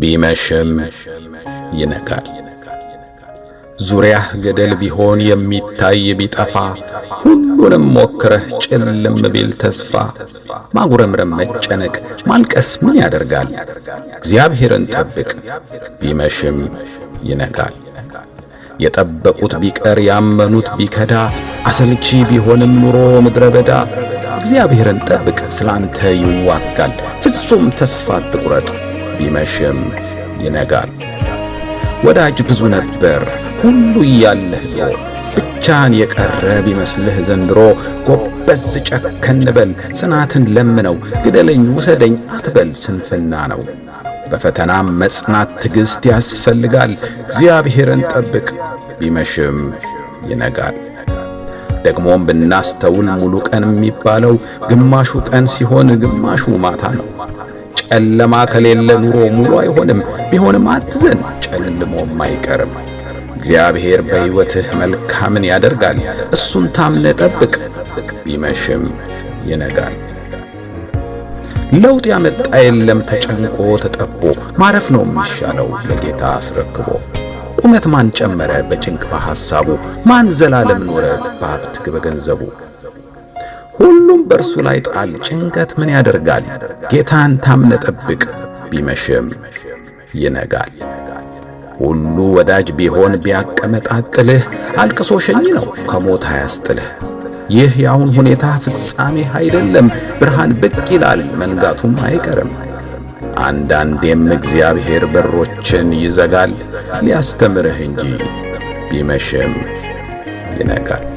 ቢመሽም ይነጋል። ዙሪያህ ገደል ቢሆን የሚታይ ቢጠፋ ሁሉንም ሞክረህ ጭልም ቢል ተስፋ ማጉረምረም፣ መጨነቅ፣ ማልቀስ ምን ያደርጋል? እግዚአብሔርን ጠብቅ ቢመሽም ይነጋል። የጠበቁት ቢቀር ያመኑት ቢከዳ አሰልቺ ቢሆንም ኑሮ ምድረ በዳ እግዚአብሔርን ጠብቅ ስላንተ ይዋጋል። ፍጹም ተስፋ ትቁረጥ ቢመሽም ይነጋል። ወዳጅ ብዙ ነበር ሁሉ እያለህ ነው የቀረ ቢመስልህ ዘንድሮ ጎበዝ ጨከን በል ጽናትን ለምነው ግደለኝ ውሰደኝ አትበል ስንፍና ነው። በፈተናም መጽናት ትዕግሥት ያስፈልጋል። እግዚአብሔርን ጠብቅ ቢመሽም ይነጋል። ደግሞም ብናስተውል ሙሉ ቀን የሚባለው ግማሹ ቀን ሲሆን ግማሹ ማታ ነው። ጨለማ ከሌለ ኑሮ ሙሉ አይሆንም። ቢሆንም አትዘን፣ ጨልሞም አይቀርም። እግዚአብሔር በሕይወትህ መልካምን ያደርጋል። እሱን ታምነ ጠብቅ፣ ቢመሽም ይነጋል። ለውጥ ያመጣ የለም ተጨንቆ ተጠቦ፣ ማረፍ ነው የሚሻለው ለጌታ አስረክቦ። ቁመት ማን ጨመረ በጭንቅ በሐሳቡ፣ ማን ዘላለም ኖረ በሀብት በገንዘቡ ሁሉም በእርሱ ላይ ጣል። ጭንቀት ምን ያደርጋል? ጌታን ታምነ ጠብቅ፣ ቢመሽም ይነጋል። ሁሉ ወዳጅ ቢሆን ቢያቀመጣጥልህ፣ አልቅሶ ሸኝ ነው ከሞት አያስጥልህ። ይህ የአሁን ሁኔታ ፍጻሜ አይደለም፣ ብርሃን ብቅ ይላል፣ መንጋቱም አይቀርም። አንዳንዴም እግዚአብሔር በሮችን ይዘጋል ሊያስተምርህ እንጂ ቢመሽም ይነጋል።